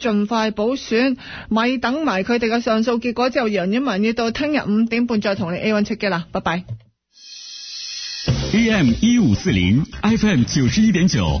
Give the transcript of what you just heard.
盡快補選，咪等埋佢哋嘅上訴結果之後，楊婉文要到聽日五點半再同你 A one 出擊啦，拜拜。AM 一五四零，FM 九十一點九。